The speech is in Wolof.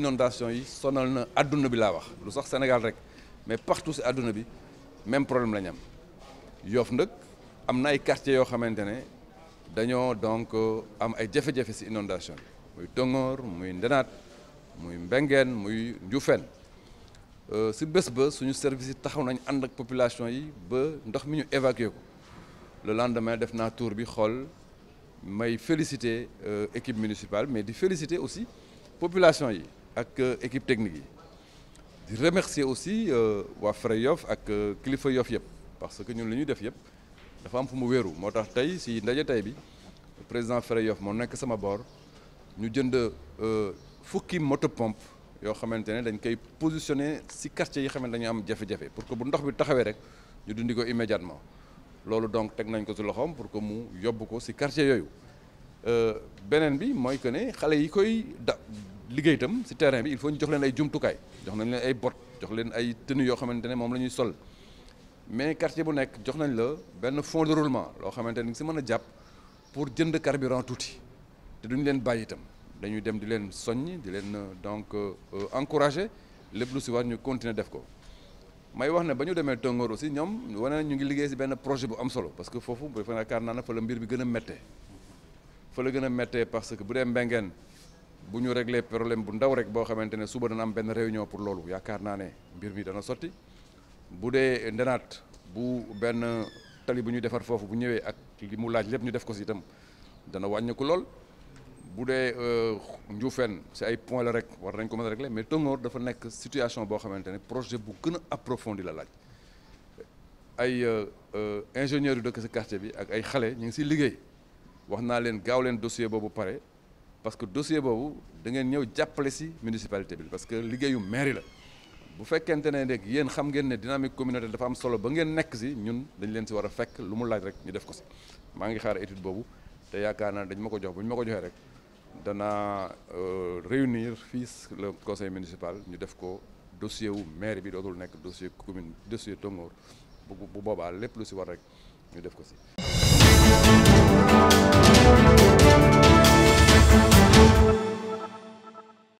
inondation yi sonal na aduna bi Sénégal mais partout ci bi même problème la am Yoff quartiers yo donc euh, am ay jafé jafé inondation muy tongor, muy muy muy euh, service population yi évacuer le lendemain def naa tour bi xool may féliciter euh, équipe municipale mais di féliciter aussi population yi ak euh, équipe technique yi di remercier aussi euh, Fray Yoff ak euh, kilifa Yoff parce que ñun li ñuy def yëpp dafa am fu mu wéeru moo tax tey si ndaje tey bi président Fray Yoff moo nekk sama boor ñu jënd fukki motopompe Yo xamantene dañ koy positionner si quartier yi xamantene dañu am jafé jafé pour que bu ndox bi taxawé rek ñu dundiko immédiatement loolu donc tek nañ ko ci loxoom pour que mu yóbbu ko ci quartier yoyu euh benen bi moy que ne xalé yi koy da liggéey itam ci terrain bi il faut ñu jox leen ay jumtukay jox nañ leen ay bot jox leen ay tenues yo xamantene mom lañuy sol mais quartier bu nek jox nañ la benn fond de roulement lo xamantene ci mëna japp pour jënd carburant touti te duñ leen bàyyi itam dañuy dem di leen soñ di leen euh, donc euh, euh, encourager lépp lu ci war ñu continuer def ko. may wax ne ba ñu demee Tongoor aussi ñoom wane ñu ngi liggéey si benn projet bu am solo parce que foofu bu yaakaar naa ne fa la mbir bi gën a méttee fa la gën a méttee parce que bu dee mbengeen bu ñu réglé problème bu ndaw rek boo xamante ne suba dana am benn réunion pour loolu yaakaar naa ne mbir mi dana sotti bu dee ndenaat bu benn tali bu ñuy defar foofu bu ñëwee ak li mu laaj lépp ñu def ko si itam dana wàññi lool. bu dee euh, Ndioufène si ay point la rek war nañ ko mën a régler mais Tonghor dafa nekk situation boo xamante ne projet bu gën a approfondi la laaj ay euh, euh, ingénieurs yu dëkk si quartier bi ak ay xale ñu ngi siy liggéey wax naa leen gaaw leen dossier boobu pare parce que dossier boobu da ngeen ñëw jàppale si municipalité bi parce que liggéeyu mairie la bu fekkente ne rek yéen xam ngeen ne dynamique communautaire dafa am solo ba ngeen nekk si ñun dañ leen si war fekk lu mu laaj rek ñu def ko si maa ngi xaar étude boobu te yaakaar naa dañ ma ko jox ñu ma ko joxee rek danaa euh, réunir fii le conseil municipal ñu def ko dossier wu maire bi dootul nekk dossier commune dossier Tongoor bu boobaa lépp lu si war rek ñu def ko si.